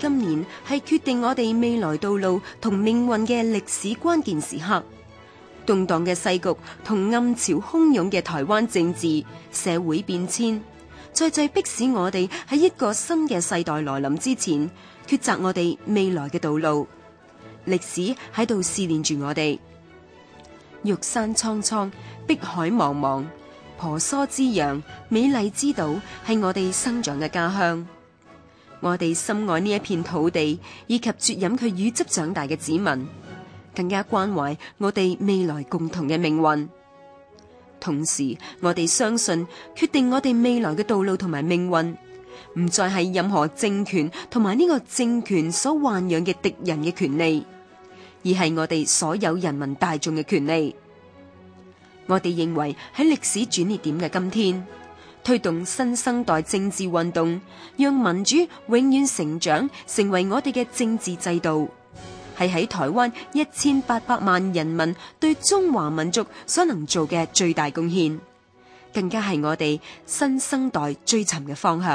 今年係決定我哋未來道路同命運嘅歷史關鍵時刻，動盪嘅世局同暗潮洶湧嘅台灣政治社會變遷，再再迫使我哋喺一個新嘅世代來臨之前，抉擇我哋未來嘅道路。歷史喺度試煉住我哋，玉山蒼蒼，碧海茫茫，婆娑之洋，美麗之島，係我哋生長嘅家鄉。我哋深愛呢一片土地以及啜飲佢乳汁長大嘅子民，更加關懷我哋未來共同嘅命運。同時，我哋相信決定我哋未來嘅道路同埋命運，唔再係任何政權同埋呢個政權所豢養嘅敵人嘅權利，而係我哋所有人民大眾嘅權利。我哋認為喺歷史轉捩點嘅今天。推動新生代政治運動，讓民主永遠成長，成為我哋嘅政治制度，係喺台灣一千八百萬人民對中華民族所能做嘅最大貢獻，更加係我哋新生代追尋嘅方向。